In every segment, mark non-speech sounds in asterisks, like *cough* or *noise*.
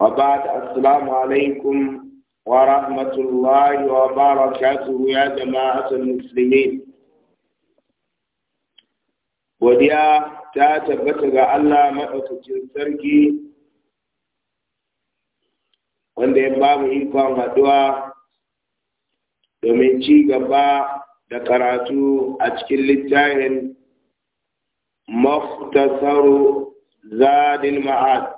وبعد السلام عليكم ورحمة الله وبركاته يا جماعة المسلمين godiya ta tabbata ga Allah maɗaukacin sarki wanda ya ba mu ikon haɗuwa domin ci gaba da karatu a cikin littafin maftasaru zadin ma'ad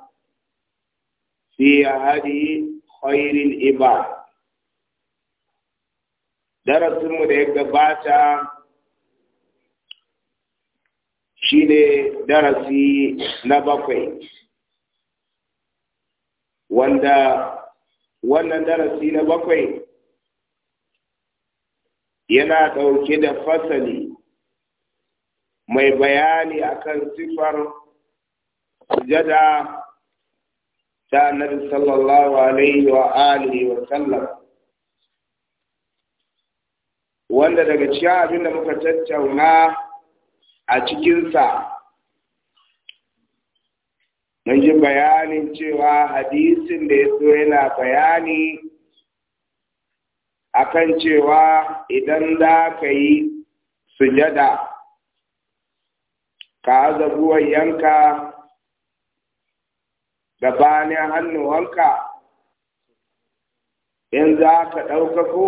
في هذه iba العباد darasinmu da ya gabata shine ne darasi na bakwai wanda wannan darasi na bakwai yana ɗauke da fasali mai bayani akan sifar sujada ta sallallahu alaihi wa alihi wa sallam wanda daga cikin abin da muka tattauna a cikinsa mun ji bayanin cewa hadisin da ya yana bayani akan cewa idan za ka yi sujada ka azabuwan yanka da bayan hannuwanka in za ka ɗaukako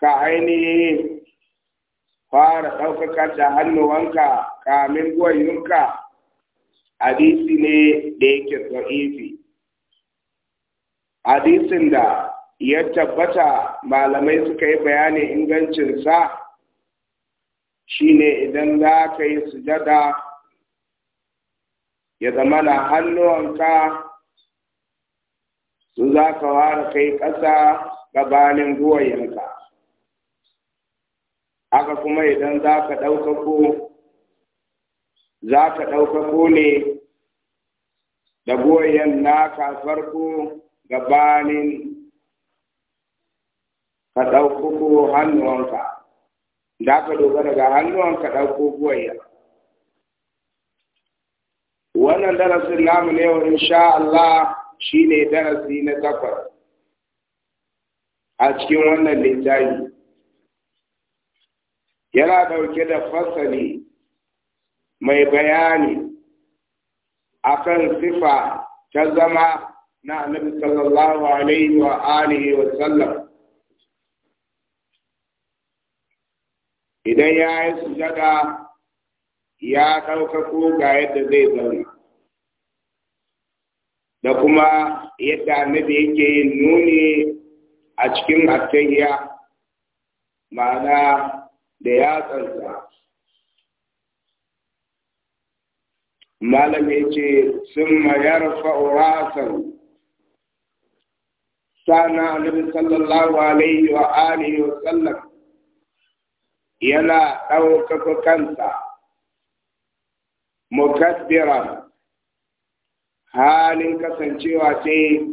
ka ainihi fara ɗaukakar da hannuwanka kamin gwayyunka hadisi ne da yake sa'ifi hadisin da ya tabbata malamai suka yi bayanin ingancinsa shine idan za ka yi sujada ya zama na hannuwanka su za ka ware kai ƙasa gabanin ruwayenka haka kuma idan za ka ɗaukako za ka ɗaukako ne da goyon naka farko gabanin ka ɗaukako hannuwanka da ka dogara ga hannuwanka ɗauko goyon wannan darasin namu ne wa insha Allah shine darasi na takwas a cikin wannan littafi yana dauke da fasali mai bayani akan sifa ta zama na annabi sallallahu alaihi wa alihi wa sallam idan ya yi sujada ya ɗauka ga yadda zai zauna da kuma yadda annabi yake nuni a cikin attayya ma'ana da yatsansa malam ya ce sun mayar fa'urasan sana annabi sallallahu alaihi wa alihi wa sallam yana ɗaukaka kansa mukaddiran halin kasancewa sai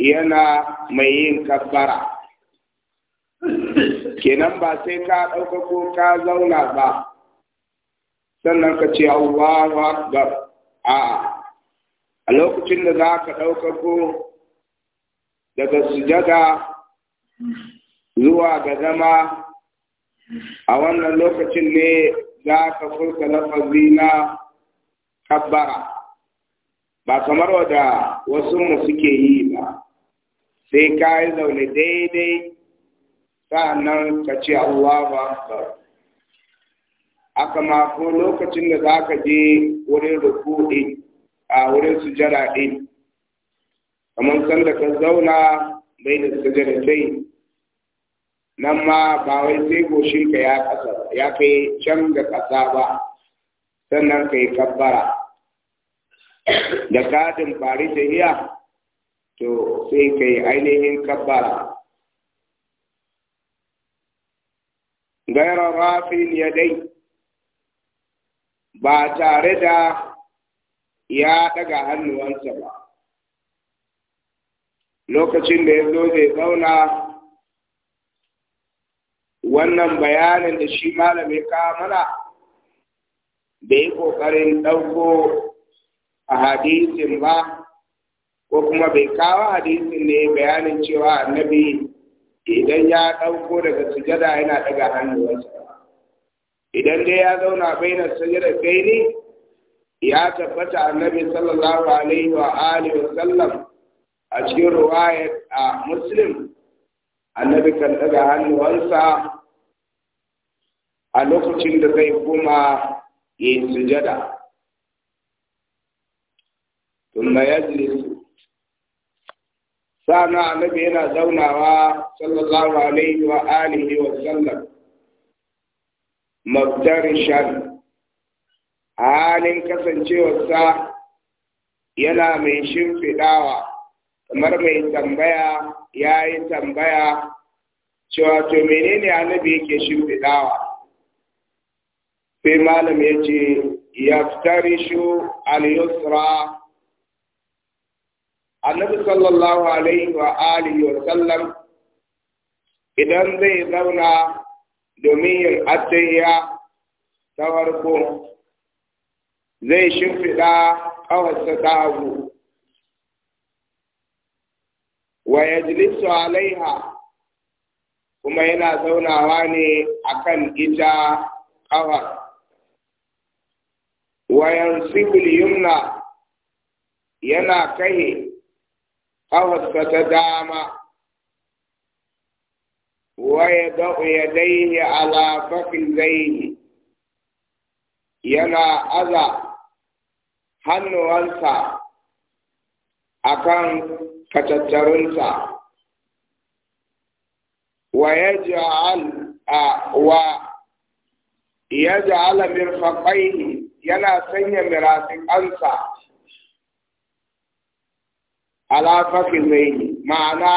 yana mai yin kabbara kenan ba sai ka ɗauka ko ka zauna ba sannan ka ce Allahu Akbar a a lokacin da za ka ɗauka ko daga sujada zuwa ga zama a wannan lokacin ne za ka furta lafazi na kabbara ba kamar wada wasu mu suke yi ba sai ka yi zaune daidai nan ka ce Allahu Akbar aka ma ko lokacin da za ka je wurin rukuɗi a wurin sujada ɗin kamar sanda ka zauna bai da sujada sai nan ma ba wai sai goshin ka ya kasa ya kai can ga ƙasa ba sannan ka yi kabbara da katin fari iya, to sai kai ainihin kabbara gairar rafin ya dai ba tare da ya daga hannuwansa ba lokacin da ya zo zai zauna wannan bayanin da shi malami ka mana da yi ƙoƙarin ɗauko a hadisin ba ko kuma bai kawo hadisin ne bayanin cewa annabi idan ya ɗauko daga sujada yana daga hannuwansa idan dai ya zauna bai na sujada kai ne ya tabbata annabi sallallahu alaihi wa alihi wa sallam a cikin ruwaya a muslim annabi kan daga hannuwansa a lokacin da zai koma yin sujada thumma yajlisu sa'an annabi yana zaunawa sallallahu alaihi wa alihi wa sallam mabtarishan halin kasancewarsa yana mai shimfiɗawa kamar mai tambaya ya yi tambaya cewa to menene annabi yake shimfiɗawa sai malam ya ce yaftarishu al-yusra annabi sallallahu alaihi wa alihi wa sallam idan zai zauna domin yin addu'a ta farko zai shimfiɗa ƙawarsa ta hagu wa yajlisu alaiha kuma yana zaunawa ne akan ita ƙawar wa yansibul yumna yana kai قوسة دامة ويضع يديه على فخذيه ينا أذى هنوانسا أكان كتترنسا ويجعل آه، و يجعل مرفقيه ينا سنة مراسق أنسا ala yi. ma'ana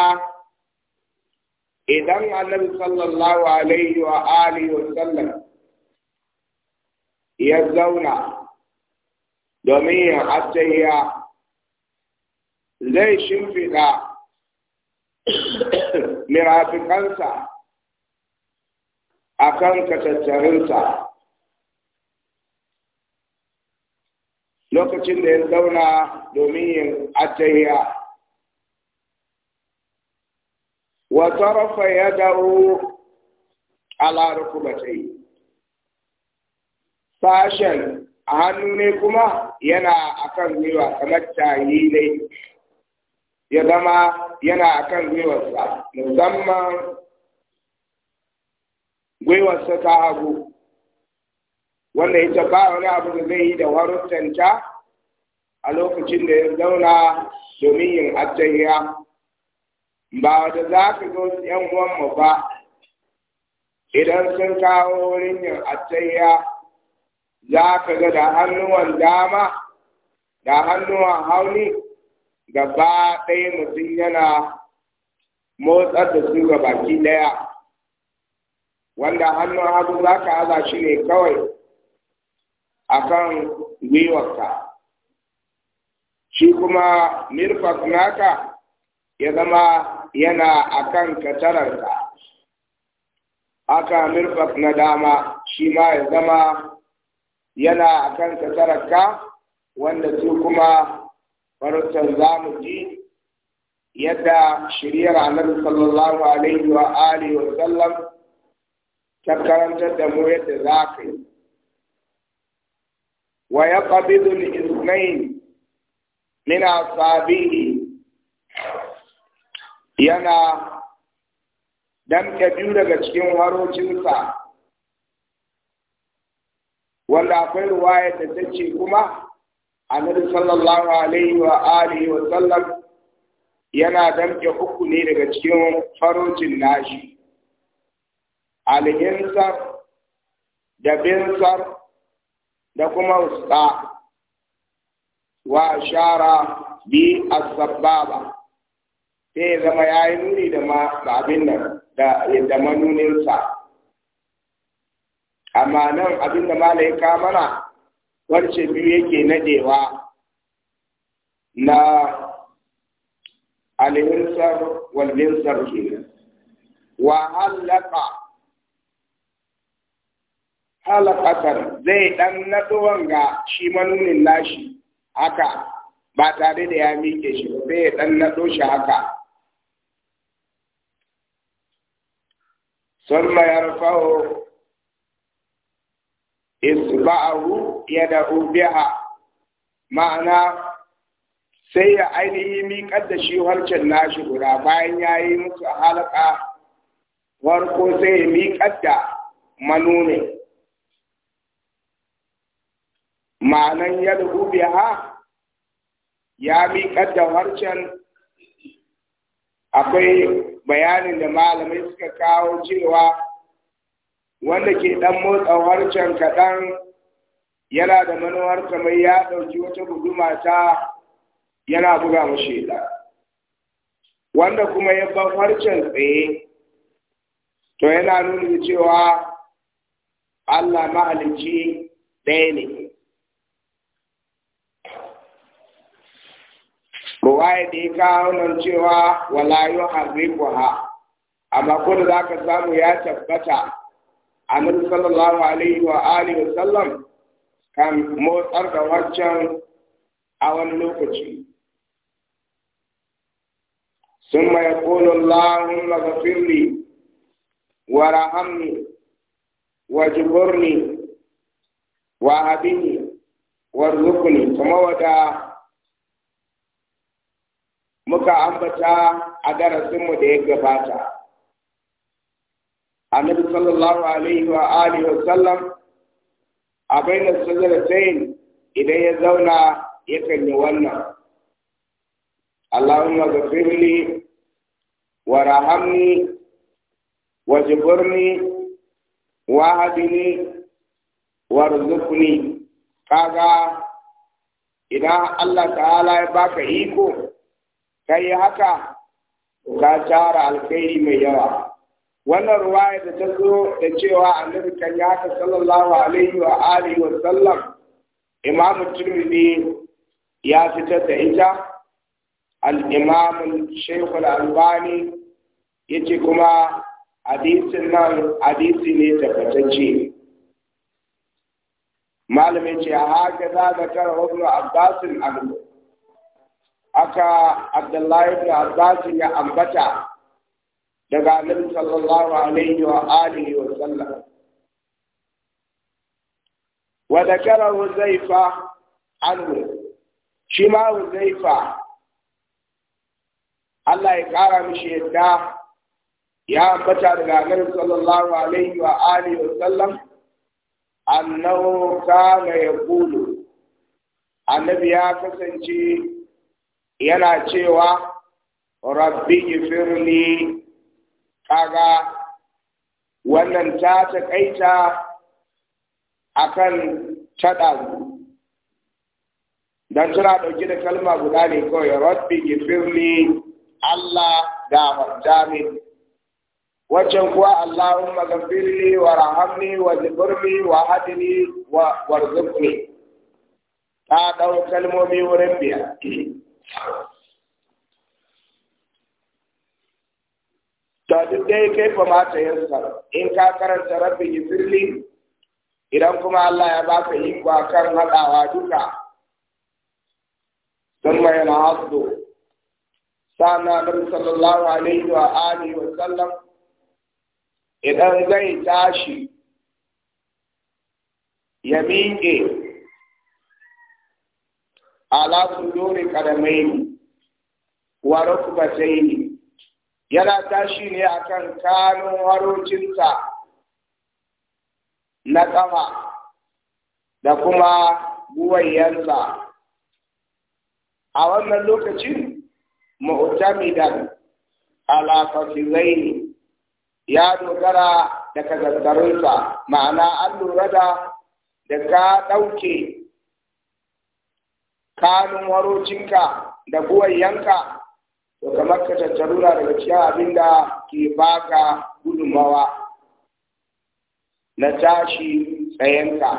idan annabi sallallahu alaihi wa alihi wa sallam ya zauna domin ya attayya zai shimfiɗa *coughs* mirafikansa a kan katattarinsa lokacin da ya zauna domin yin attayya ya tarafa yadahu ala yi. sashen a hannu ne kuma yana kan gwiwa kamar tayi ne ya zama yana kan gwiwarsa musamman gwiwarsa ta hagu wanda ita ba wani abu da zai yi da warutanta a lokacin da ya zauna domin yin attahiya ba da za ka zo ‘yan uwanmu ba idan sun kawo wurin yin attayya za ka ga da hannuwan dama da hannuwan hauni gaba ɗaya mutum yana motsar da su ga baki ɗaya wanda hannun hagu za ka haza shi ne kawai akan gwiwarka shi kuma Mirfak naka ya zama yana akan katararka aka mirfa na dama shi ma ya zama yana akan ka wanda su kuma farautar zamu ji yadda shiriyar annabi sallallahu alaihi wa alihi wa sallam ta karantar da mu yadda za ka yi wa yaqbidu al-ithnayn min asabihi yana damke biyu daga cikin harocinsa wanda akwai ruwaya da ta ce kuma annabi sallallahu alaihi wa alihi wa sallam yana damke uku ne daga cikin farocin nashi alhinsar da binsar da kuma usta wa shara bi asbaba sai ya zama ya yi nuni da ma da abin nan da yadda manuninsa amma nan abin da mala ya kamana wance biyu yake nadewa na alhinsar walhinsar ke wa halaka halakatar zai dan naduwan ga shi manunin nashi haka ba tare da ya miƙe shi ba ya dan nado shi haka ثم يرفع إصبعه يده بها ma'ana sai ya ainihi miƙar da shi harcen nashi guda bayan ya yi musu halaka ko sai ya miƙar da manune ma'anan ya dubu ya miƙa da harcen akwai bayanin da malamai suka kawo cewa wanda ke ɗan motsa harcen kaɗan yana da manuwar kamar ya ɗauki wata guduma ta yana buga mashi wanda kuma ya ban harcen tsaye to yana nuna cewa Allah ma'alici ɗaya ne Ruwaye da ya kawo nan cewa wala yu ha, amma ko da zaka samu ya tabbata annabi sallallahu alaihi wa alihi wa sallam kan motsar da wancan a wani lokaci ثم wara اللهم wa لي wa habini, wa وارزقني kuma wada muka ambata a darasinmu da ya gabata annabi sallallahu alaihi wa alihi wa sallam a bainar sayin idan ya zauna ya kalli wannan Allahumma ghafirli wa rahamni wa jiburni wa hadini wa rizqni kaga idan Allah ta'ala ya baka iko kai haka ka tara alkhairi mai yawa wannan ruwaya da ta zo da cewa annabi kan ya haka sallallahu alaihi wa alihi wa sallam imam turmi ya fitar da ita al-imam shaykh al-albani yace kuma hadisin nan hadisi ne tabbatacce malamin ce a haka za da kar ibn abbas al-abu aka abdullahi ibn abbas ya ambata daga annabi sallallahu alaihi wa alihi wa sallam wa dakara huzaifa anhu shi ma huzaifa Allah ya kara mishi yadda ya ambata daga annabi sallallahu alaihi wa alihi wa sallam annahu kana yaqulu annabi ya kasance yana cewa rabbi ifirni kaga wannan ta taƙaita kan taɗa dan suna ɗauki da kalma guda ne kawai rabbi ifirni Allah gafarta min waccan kuwa Allahumma gafirli wa rahamni wa zikurni wa hadini wa warzuqni ta ɗau kalmomi wurin biya ta dai kai fa mata yansa in ka karanta rabbi yusirli idan kuma Allah ya baka iko akan hadawa duka mai na yanhasdu sana nabi sallallahu alaihi wa alihi wa sallam idan zai tashi ya miƙe ala suduri kadamai wa rukbatai yana tashi ne akan kanun sa na kama da kuma guwayensa a wannan lokacin mu'tamidan ala ne. ya dogara da kazantarunsa ma'ana an lura da da ka ɗauke kalin warocinka da buwayyanka to kamar ka tattarura daga cikin abin da ke baka gudunmawa na tashi tsayenka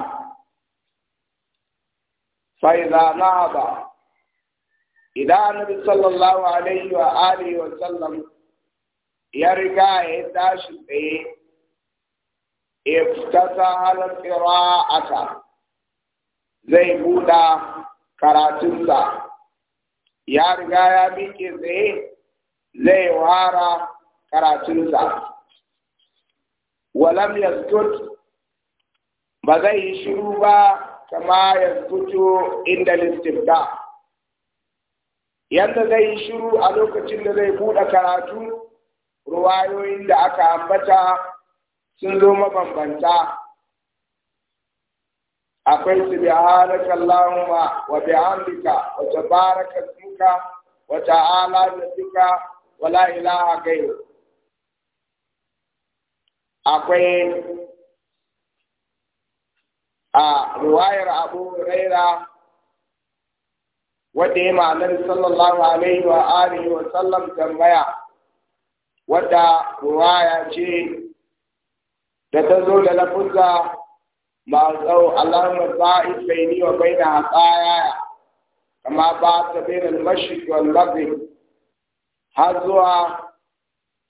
fa'iza na ba idan annabi sallallahu alaihi wa alihi wa sallam ya riga ya tashi tsaye iftata al-qira'ata zai buɗa karatunsa ya riga ya miƙe tsaye zai wara karatunsa walam yaskut ba zai yi shiru ba kama yaskutu inda listifta yadda zai yi shiru a lokacin da zai buɗe karatu ruwayoyin da aka ambata sun zo mabambanta akwai su haraka allahumma wa bihamdika wa tabaraka ismuka wa ta'ala jaduka wa la ilaha ghayruk akwai a riwayar abu huraira wadda ya ma'anar sallallahu alaihi wa alihi wa sallam tambaya wadda ya ce da ta zo da lafuzza ما زو اللهم باعد بيني وبين عطايا كما بات بين المشرق والمغرب har zuwa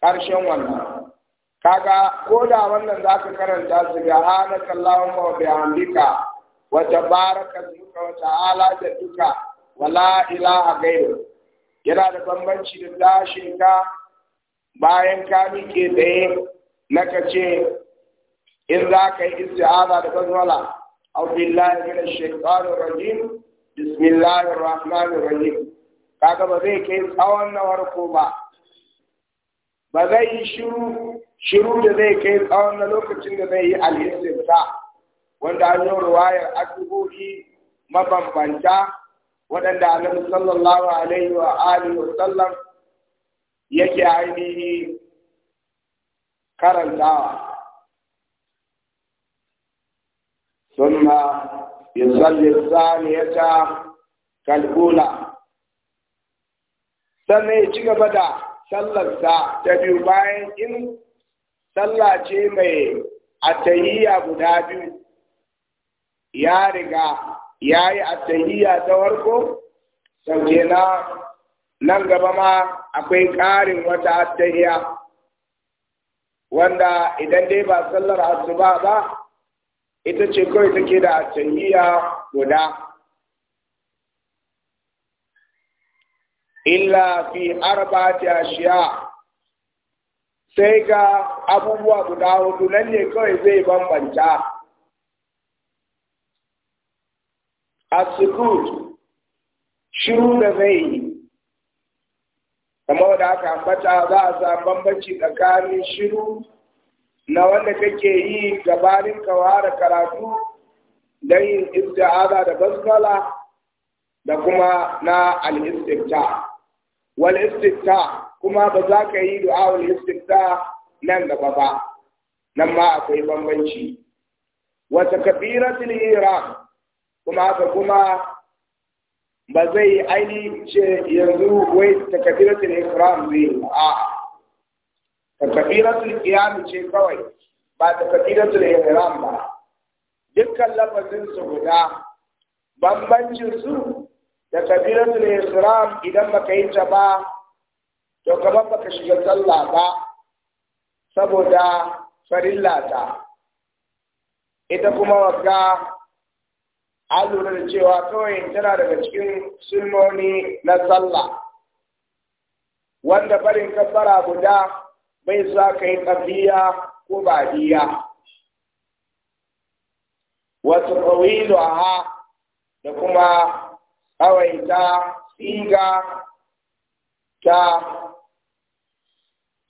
ƙarshen كاكا kaga ko da wannan za ka karanta su ga hanaka Allahumma wa bihamdika wa tabaraka ismuka wa ta'ala jadduka wa la ilaha ghairu yana da bambanci da tashin ka bayan ka miƙe tsaye na ka ce in za ka yi isti'aza da basmala أعوذ بالله من الشيطان الرجيم بسم الله الرحمن الرحيم kaga ba zai kai tsawon na farko ba ba zai yi shiru shiru da zai kai tsawon na lokacin da zai yi alhistinsa wanda an yi ruwayar addu'o'i mabambanta waɗanda annabi sallallahu alaihi wa alihi wa sallam yake ainihi karantawa ثم يصلي الثانية كالأولى sannan ya ci gaba da sallarsa ta biyu bayan in sallah ce mai atahiyya guda biyu ya riga ya yi atahiyya ta warko sauke na nan gaba ma akwai ƙarin wata atahiyya wanda idan dai ba sallar asuba ba ita ce kawai take da tayyiya guda illa fi arba'ati ashiya sai ga abubuwa guda hudu nan ne kawai zai bambanta asukut shiru da zai yi kamar da aka ambata za a sa bambanci tsakanin shiru na wanda kake yi gabanin kawara karatu don yin da basmala da kuma na al-istifta wal istifta kuma ba za ka yi du'a wal istifta nan gaba ba nan ma akwai bambanci wa takbiratul ihram kuma haka kuma ba zai aini ce yanzu wai takbiratul ihram zai a'a takbiratul qiyam ce kawai ba takbiratul ihram ba dukkan lafazin su guda bambancin su da takbiratul ihram idan baka yi ta ba to kamar baka shiga sallah ba saboda farilla ta ita kuma wagga an lura da cewa kawai tana daga cikin sunnoni na sallah wanda barin kabbara guda bai sa ka yi ƙabiya ko badiya wasu ƙawilu ha da kuma ta siga ta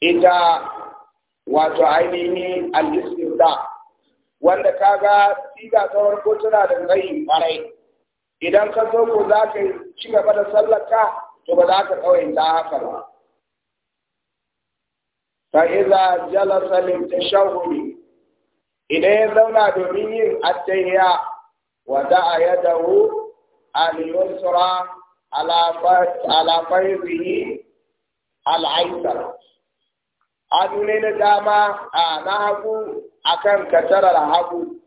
ita wato ainihin al da. wanda ka ga siga ta farko tana da zai ƙwarai idan ka zo ko za ka ci gaba da sallaka to ba za ka ƙawaita haka ba فإذا جلس للتشهد إذا يزونا دمين التهيا ودعا يده اليسرى على على فيضه الأيسر أدوني نداما نهبو akan katarar hagu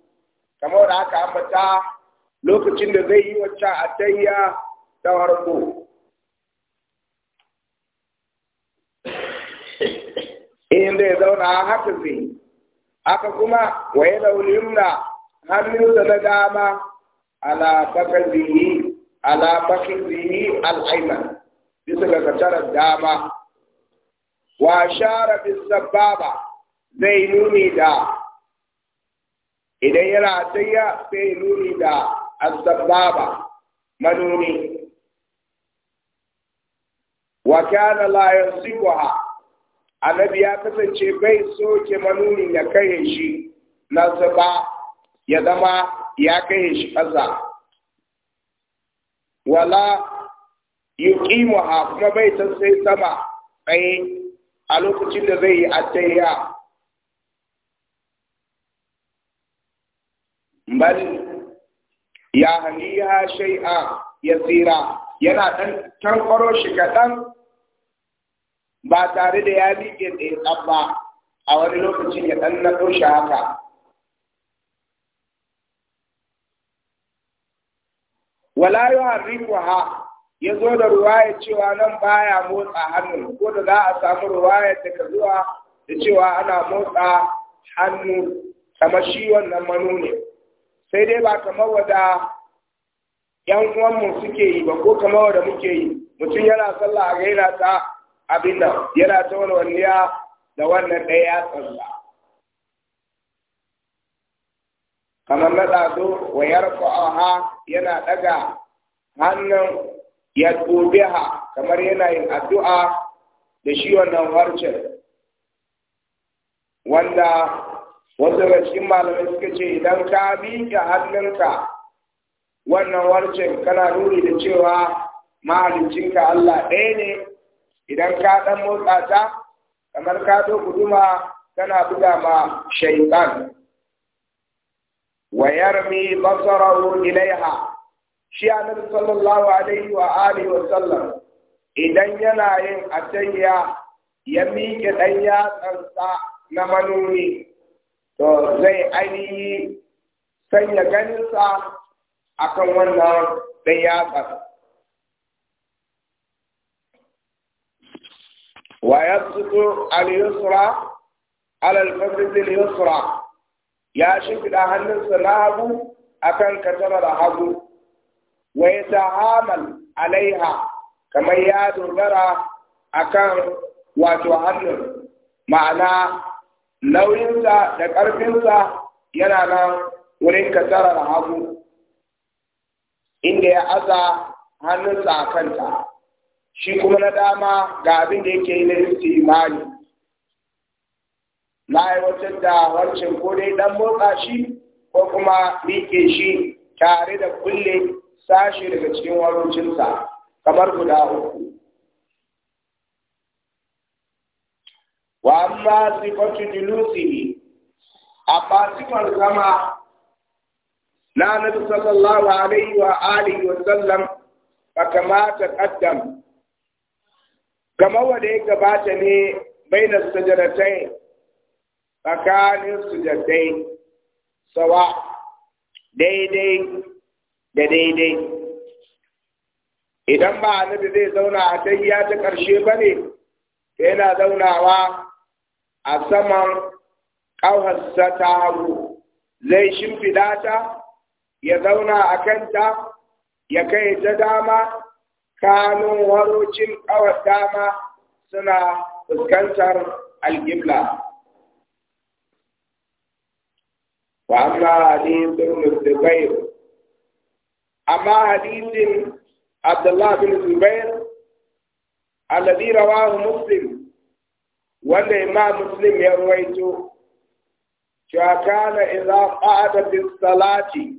kamar da aka ambata lokacin da zai yi wacce atayya in zai zauna haka zai aka kuma wa ya yumna hannunsa na dama ala zihi ala bakazihi al-ayman bisa ga kacarar dama wa shara sababa zai nuni da idan yana tsaye sai nuni da asbaba manuni wa kana la kuwa. annabi ya kasance bai soke manunin ya kai shi na zuba ya zama ya kai shi ƙasa wala yuqimuha kuma bai san sai sama tsaye a lokacin da zai yi attayya bal ya shai'a shay'a yasira yana ɗan tankaro shi kaɗan ba tare da ya miƙe tsaye ba a wani lokacin ya ɗan na shi haka wala ha, ya zo da ruwaya cewa nan baya motsa hannu ko da za a samu ruwaya daga zuwa da cewa ana motsa hannu kamar shi wannan ne. sai dai ba kamar wada yan uwanmu suke yi ba ko kamar wada muke yi mutum yana sallah a gaina ta abin yana tsohon walwaliya da wannan ɗaya ya tsalla kamar na ɗazo wa yarfa'aha yana ɗaga hannun ya ha kamar yana yin addu'a da shi wannan harcin wanda wasu daga cikin malamai suka ce idan ka miƙe hannunka wannan warcin kana nuni da cewa mahaliccinka Allah ɗaya ne idan ka dan motsa ta kamar ka zo guduma kana buga ma shaytan wa yarmi basarahu ilaiha shi annabi sallallahu alaihi wa alihi wa sallam idan yana yin atayya ya miƙe ɗan yatsansa na manomi to zai ainihi sanya ganinsa akan wannan ɗan yatsan ويبسط اليسرى على الفرد اليسرى يا شيخ هل سلاب أكن كتر الحب ويتعامل عليها كما ياد غرا أكن وتعلم معنى nauyinsa ينسى ƙarfinsa yana nan wurin kasarar hagu inda ya aza hannunsa a kanta shi kuma na dama ga abin da yake yi na imani. na aiwatar da wancan ko dai dan motsa shi ko kuma rike shi tare da kulle sashi daga cikin warocinsa kamar guda uku wa amma sifatu julusihi a sifar zama na nabi sallallahu alaihi wa alihi wa sallam fa kamata kaddam. kamar wanda ya gabata ne bai da sujadatai tsakanin sujadatai sawa daidai da daidai idan ba da zai zauna a tayya ta ƙarshe ba ne yana zaunawa a saman ƙauharsa ta zai shimfiɗa ta ya zauna a kanta ya kai ta dama Kano warocin kawar dama suna fuskantar alƙibla wa amma hadisin Zubair amma hadisin Abdullah bin Zubair alladhi rawahu Muslim wanda Imam Muslim ya ruwaito cewa kana idza qa'ada salati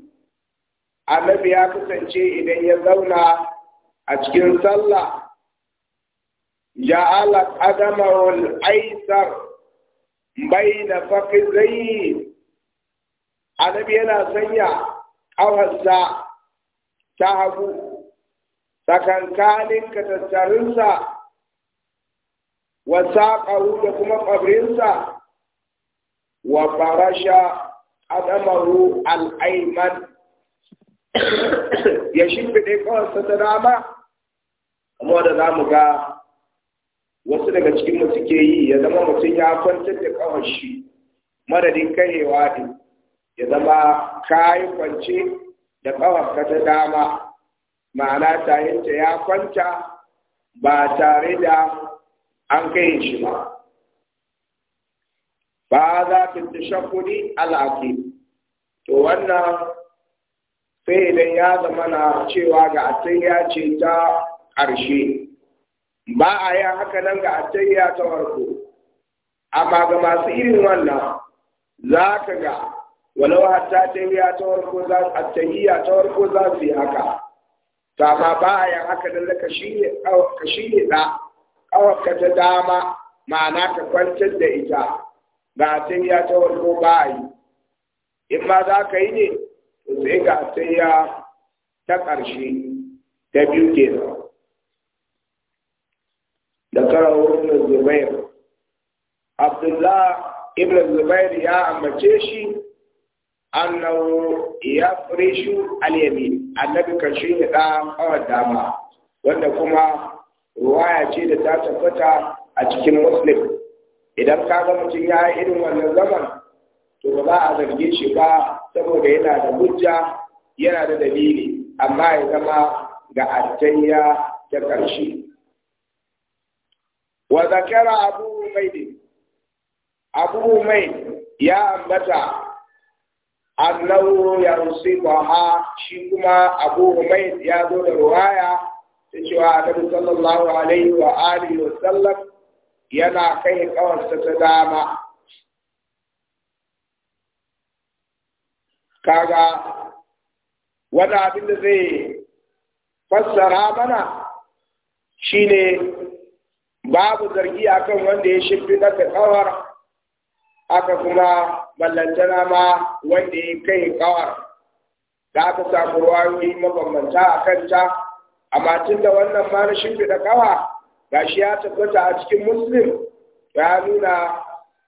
annabi ya kasance idan ya zauna a cikin sallah ja'ala qadamahu al-aysar baina faqidayi annabi yana sanya ƙawarsa ta hagu tsakankanin katattarinsa wa saƙahu da kuma ƙwabrinsa wa farasha adamahu al'aiman *coughs* ya shimfiɗe ƙawarsa ta dama amma da za mu ga wasu daga cikin mu suke yi ya zama mutum ya kwantar da kawashi maradin madadin karewa ne ya zama yi kwance da kawar ta dama ma'ana tayinta ya kwanta ba tare da an kai shi ba ba za ta tashakkuli al'aƙi to wannan sai idan ya zama na cewa ga ya ce ta ƙarshe ba a yi haka nan ga ajiyya ta warko. amma ga masu irin wannan za ka ga walau hatta ajiyya ta warko za ajiyya ta warko za su yi haka to ba a yi haka nan ka shi ka shine ta dama ma'ana ka kwantar da ita ga ajiyya ta warko ba a yi in ma za ka yi ne sai ga ajiyya ta ƙarshe ta biyu kenan dakara wurin zubair abdullah ibnu zubair ya amace shi annahu ya furishu aliyami annabi kan shi ne kawar da wanda kuma ruwaya ce da ta tabbata a cikin muslim idan ka ga mutun ya yi irin wannan zaman to ba a zargi shi ba saboda yana da hujja yana da dalili amma ya zama ga atayya ta karshe wa zakara abu umayd abu ya ambata annahu yansibaha shi kuma abu ya zo da ruwaya ta cewa annabi sallallahu alaihi wa alihi wa sallam yana kai kawarsa ta dama kaga wani abin da zai fassara bana shine babu zargi akan wanda ya shimfiɗa da kawar aka kuma ballantana ma wanda ya kai kawar da aka samu ruwayoyi mabambanta a kanta amma tun da wannan ma na shimfiɗa kawa shi ya tabbata a cikin muslim ya nuna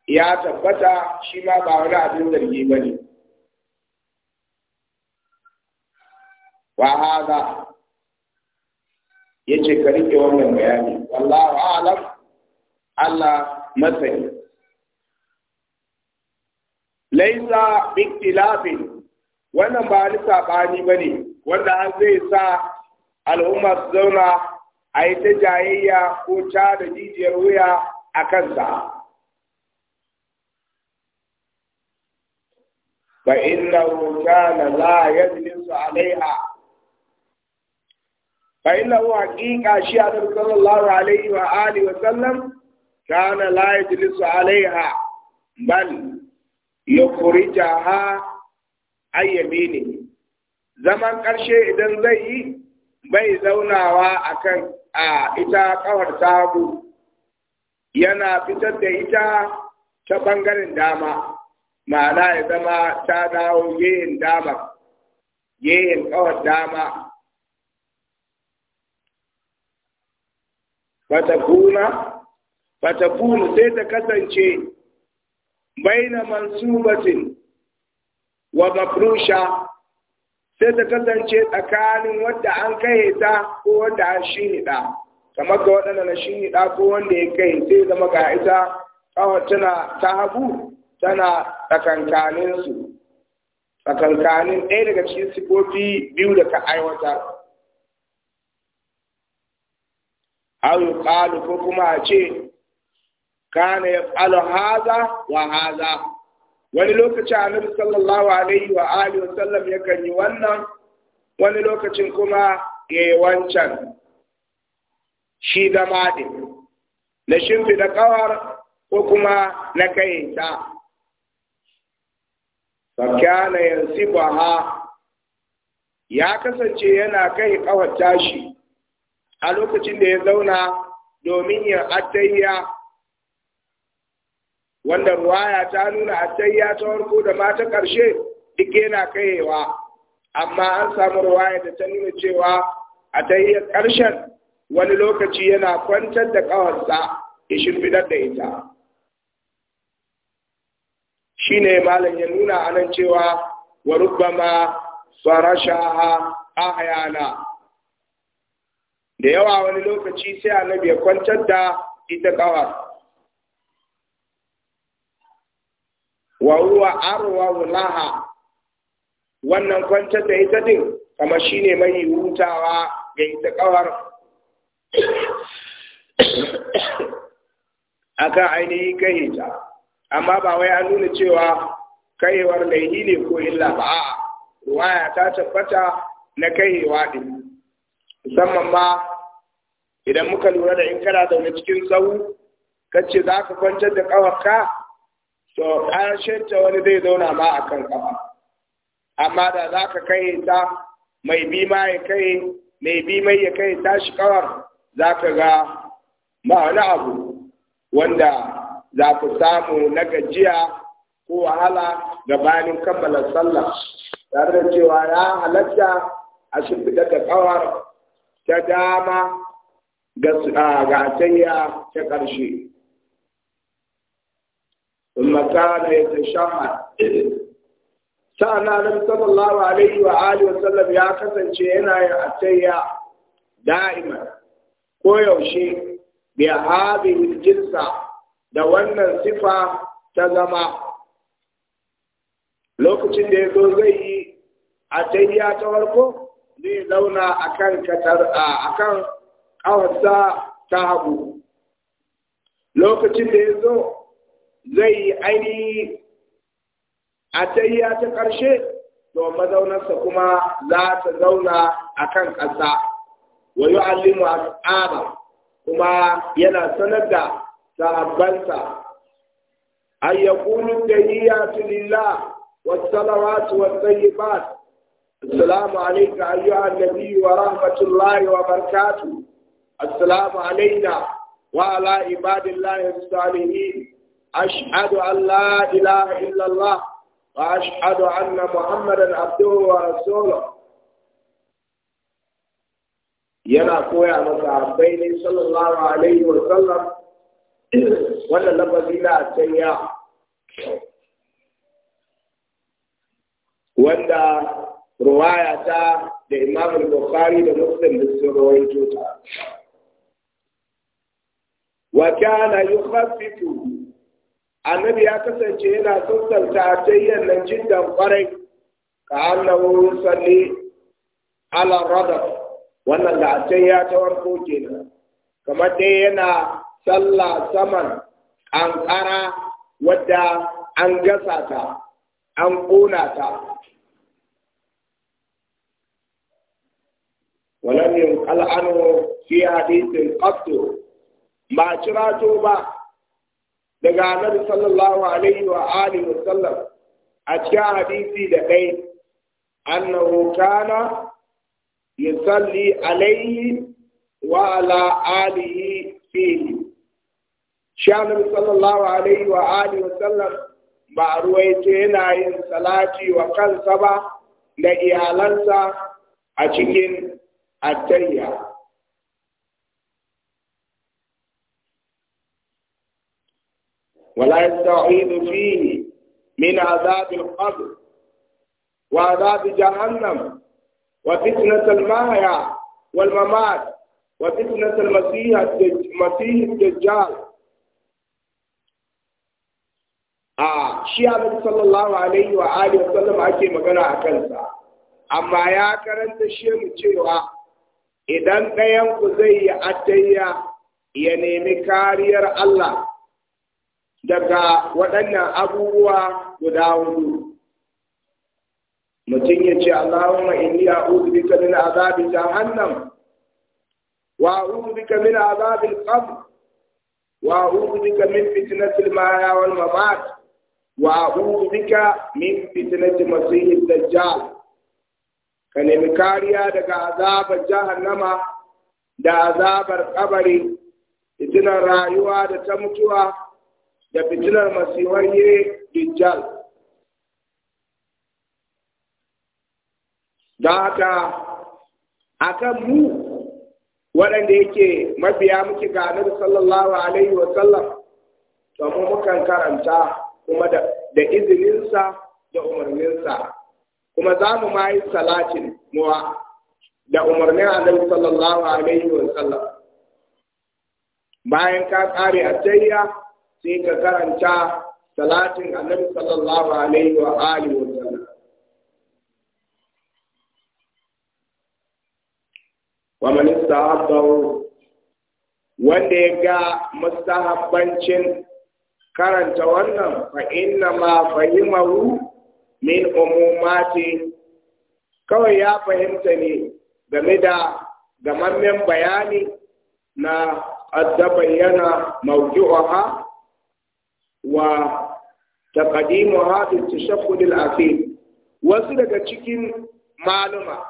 ya tabbata shi ma ba wani abin zargi ba ne wa yace ka rike wannan bayani wallahu a'lam Allah masani laisa biktilafin wannan ba ni saɓani ba ne wanda an zai sa al'umma su zauna a yi ta jayayya ko ca da jijiyar wuya a kansa fa inna kana la yajlisu alaiha fa innahu haqiqa shi annabi sallallahu alaihi wa alihi wa sallam kana la yajlisu alaiha bal yukhrijaha ayyamini zaman ƙarshe idan zai yi bai zaunawa akan a ita kawar sabu yana fitar da ita ta ɓangaren dama mana ya zama ta dawo gehen ƙawar dama fatakuna sai ta kasance baina mansubatin wa mafrusha sai ta kasance tsakanin wadda an kai ta ko wadda an shi niɗa, kamar ga waɗanda na shi niɗa ko wanda ya kai sai zama ga ita kawai tana ta hagu tana tsakankanin su tsakankanin ɗaya daga cikin sifofi biyu da ka aiwatar aw yuqalu kuma a ce kana yaf'alu haza wa wani lokaci annabi sallallahu alaihi wa alihi wasallam yakan yi wannan wani lokacin kuma ya yi wancan shi da maɗi na shimfi da ƙawar ko kuma na kai ta fakana yansi ha ya kasance yana kai ƙawar tashi a lokacin da ya zauna domin yin atayya wanda ruwaya ta nuna atayya ta farko da ma ta ƙarshe duk yana kaiwa amma an samu ruwaya da ta nuna cewa atayyar ƙarshen wani lokaci yana kwantar da ƙawarsa ya shimfidar da ita Shi ne malam ya nuna anan cewa wa rubbama farashaha ahyana da yawa wani lokaci sai annabi ya kwantar da ita kawar wa huwa arwa laha wannan kwantar da ita din kama shine mai hutawa ga ita kawar aka ainihi kai ta amma ba wai an nuna cewa kaiwar laihi ne ko illa ba a'a ruwaya ta tabbata na kaiwa din musamman ma idan muka lura da in kana zaune cikin tsawo kace za ka kwantar da ƙawarka to ƙarshen ta wani zai zauna ma a kan ƙafa amma da za ka kai ta mai bi ma ya kai mai bi mai ya kai tashi ƙawar za ka ga ma wani abu wanda za ku samu na gajiya ko wahala gabanin kammala sallah tare da cewa ya halatta a shimfiɗa da ƙawar ta dama ga tsayya ta ƙarshe. Makana ya ta shama. Sa'ana na sallallahu alaihi wa Ali wa sallam ya kasance yana yin atayya da'ima ko yaushe bi jinsa da wannan sifa ta zama lokacin da ya zo zai yi atayya ta farko zai zauna akan katar akan kawarsa ta hagu lokacin da ya zo zai yi ainihi a tayya ta ƙarshe to mazaunarsa kuma za ta zauna a kan ƙasa wa yu'allimu as'aba kuma yana sanar da sahabbansa da ya tahiyyatu la' wasu salawatu was tayyibat السلام عليك أيها النبي ورحمة الله وبركاته السلام علينا وعلى عباد الله الصالحين أشهد أن لا إله إلا الله وأشهد أن محمدا عبده ورسوله yana koya masa abai ne sallallahu alaihi wa sallam wannan lafazi na sanya wanda ruwaya ta da Imam Bukhari da Muslim da sun rawaito ta wa kana yukhaffifu annabi ya kasance yana sassauta ta yannan jiddan kwarai ka annahu salli ala radaf wannan da a ya ta warko kenan kamar dai yana sallah saman ankara wadda an gasa ta an ƙuna ta ولم ينقل عنه في حديث قط ما شراته ba. daga annabi sallallahu alaihi wa alihi wa sallam a cikin hadisi da kai annahu kana yusalli alaihi wa ala alihi fihi shi annabi sallallahu alaihi wa alihi wa sallam ba a ruwaito yana yin salati wa kansa ba da iyalansa a cikin الدنيا ولا يستعيذ فيه من عذاب القبر وعذاب جهنم وفتنة المهيا والممات وفتنة المسيح المسيح الدجال آه شيعة صلى الله عليه وآله وسلم أكي مكانها أكلتا أما يا كرنت الشيء idan ɗayanku zai yi atayya ya nemi kariyar Allah daga waɗannan abubuwa guda hudu. Mutum ya ce, Allahumma inni a'udhu bika min azabi jahannam wa a'udhu bika min azabi al wa a'udhu bika min fitnati al-mahya wal mamat wa a'udhu bika min fitnati masiih ad-dajjal ka nemi kariya daga azabar jahannama da azabar kabari fitinar rayuwa da ta mutuwa da fitinar yi dijjal da haka kan mu waɗanda yake mabiya muke ga annabi sallallahu alaihi wa sallam to mu mukan karanta kuma da izininsa da umarninsa kuma za mu ma yi salatin muwa da umarnin Annabi sallallahu alaihi wa sallam bayan ka kare atayya sai ka karanta salatin Annabi sallallahu alaihi wa alihi wa sallam wa man istahabbahu wanda ya ga mustahabbancin karanta wannan fa inna ma fahimahu min umumati kawai ya fahimta ne game da gamammen bayani na addabayyana mawdu'aha wa taqdimuha fi tashaqqud al-akhir wasu daga cikin maluma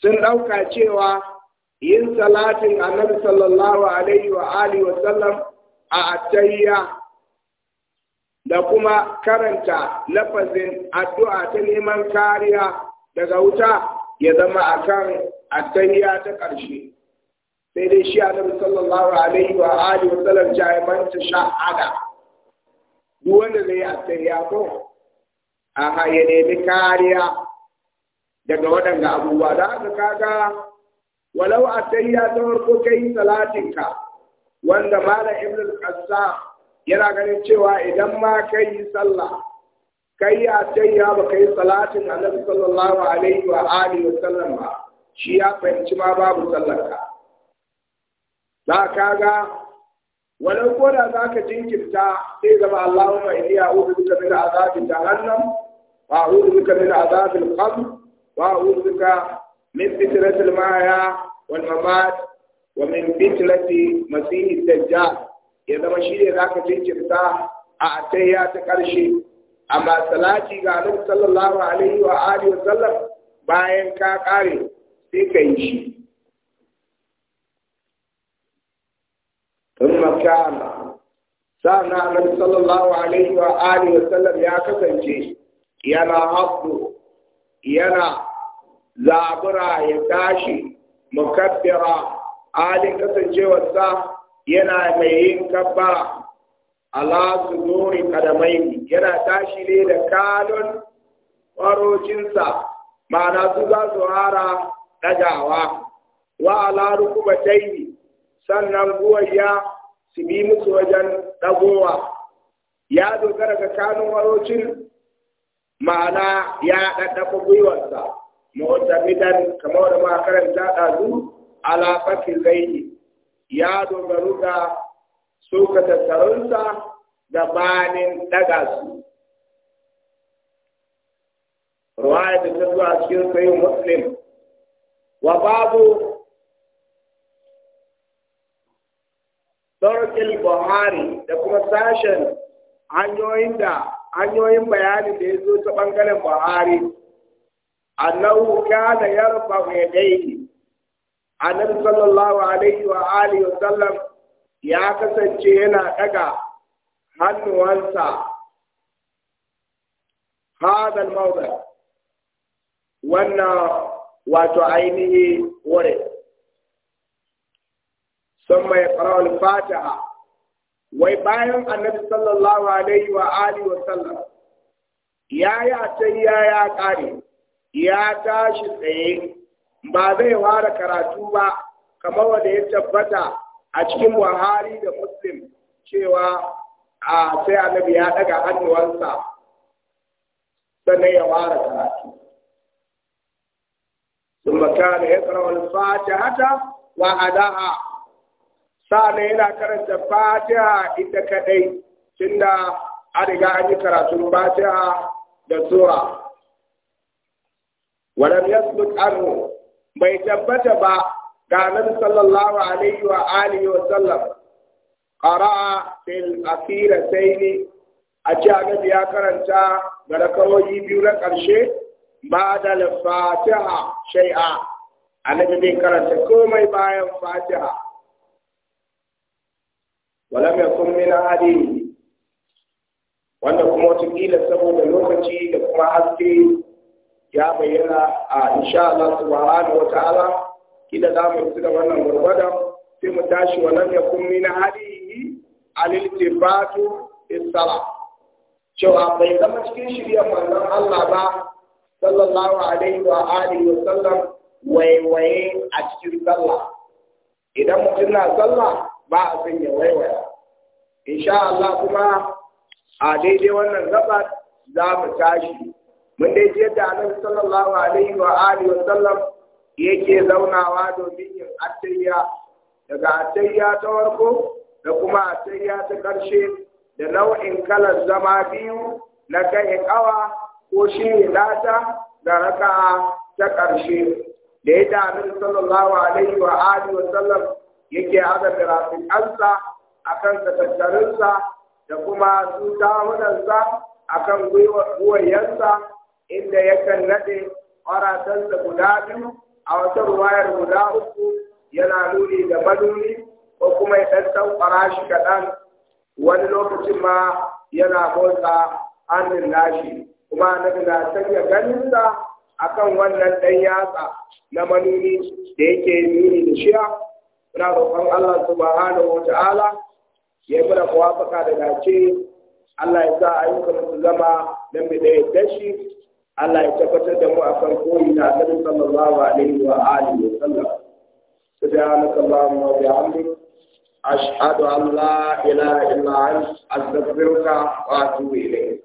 sun ɗauka cewa yin salatin annabi sallallahu alaihi wa alihi wa sallam a Atayya. da kuma karanta lafazin addu'a ta neman kariya daga wuta ya zama a kan attayya ta ƙarshe sai dai shi annabi sallallahu alaihi wa alihi wa sallam jaimanta sha'ada duk wanda zai yi attayya ko aha ya nemi kariya daga waɗanda abubuwa da haka kaga walau attayya ta farko kai salatinka wanda malam ibn al-qassam yana ganin cewa idan ma ka yi sallah kai ya ce ya ba kai salatin annabi sallallahu alaihi wa alihi wa sallam ba shi ya fahimci ma babu sallarka za ka ga walau ko da za ka jinkirta sai zama Allahumma inni a'udhu bika min azabi jahannam wa a'udhu bika min azabi al-qabr wa a'udhu bika min fitnati maya wal mamat wa min fitnati masih ad-dajjal ya zama shi ne za ka jinkirta a atayya ta ƙarshe amma salati ga nan sallallahu alaihi wa alihi wa sallam bayan ka ƙare sai ka yi shi ثم كان nan sallallahu alaihi wa alihi wa sallam ya kasance yana haɗu yana zabura ya tashi mukabbira kasancewar kasancewarsa yana mai yin kaba ala zuri kadamai yana tashi ne da kalon farocinsa ma'ana su za su hara ɗagawa wa ala rukubatai sannan buwayya su bi musu wajen ɗagowa ya dogara ga kanun warocin ma'ana ya ɗaɗɗafa gwiwarsa mu'tamidan kamar da ma karanta ɗazu ala fakin gaini ya dogaru da suka tattarunsa banin daga su ruwaya da ta zuwa cikin sayin muslim wa babu Sarkil Buhari da kuma sashen hanyoyin da hanyoyin bayanin da ya zo ta ɓangaren Buhari annahu kana yarfa yadai annabi sallallahu alaihi wa alihi wa sallam ya kasance yana daga hannuwansa hadal mawda wannan wato ainihi wurin sun mai ƙarawar fataha wai bayan annabi sallallahu alaihi wa alihi wa sallam ya yi a ya ya ƙare ya tashi tsaye ba zai ware karatu ba kamar wanda ya tabbata a cikin wahari da muslim cewa a sai annabi ya daga hannuwansa sannan ya ware karatu sun ya tsara wani fata hata wa adaha na yana karanta fatiha ita kadai tunda an riga an yi karatu fatiha da sura ولم يسبق عنه bai tabbata ba ga nan sallallahu alaihi wa alihi wa sallam qara'a fil sayni a ci aga biya karanta ga rakawoyi biyu na karshe ba da fatiha shay'a annabi bai karanta komai bayan fatiha ولم يكن من عادي wanda kuma watakila saboda lokaci da kuma haske ya bayyana a insha Allah subhanahu wa ta'ala kila za mu da wannan gurbada sai mu tashi wa kunni na min hadihi al-iltifatu bis cewa bai zama cikin shiryar manzon Allah ba sallallahu alaihi wa alihi wa sallam waiwaye a cikin sallah idan mutum na sallah ba a san sanya waiwaya insha Allah kuma a daidai wannan gabar za mu tashi wanda yake yadda da annabi sallallahu alaihi wa alihi wa sallam yake zaunawa domin yin attayya daga atayya ta farko da kuma atayya ta ƙarshe da nau'in kalar zama biyu na kai kawa ko shi lata da raka ta ƙarshe da ya annabi sallallahu alaihi wa alihi wa sallam yake haɗa firafikansa akan tattarinsa da kuma su akan akan gwiwayensa inda yakan naɗe ƙwaratansa guda biyu a wata ruwayar guda uku yana nuni da manuni, ko kuma ya ɗan farashi shi kaɗan wani lokacin ma yana motsa hannun nashi kuma na na sanya ganinsa kan wannan ɗan yatsa na manuni da yake nuni da shiya muna roƙon Allah subhanahu wa ta'ala ya yi mana da dace Allah ya sa ayyukan su zama dan da ɗaya dashi Allah ya tabbatar da mu a kan koyi da annabi sallallahu alaihi wa alihi wa sallam subhanaka allahumma wa bihamdik ashhadu an la ilaha illa anta astaghfiruka wa atubu ilayk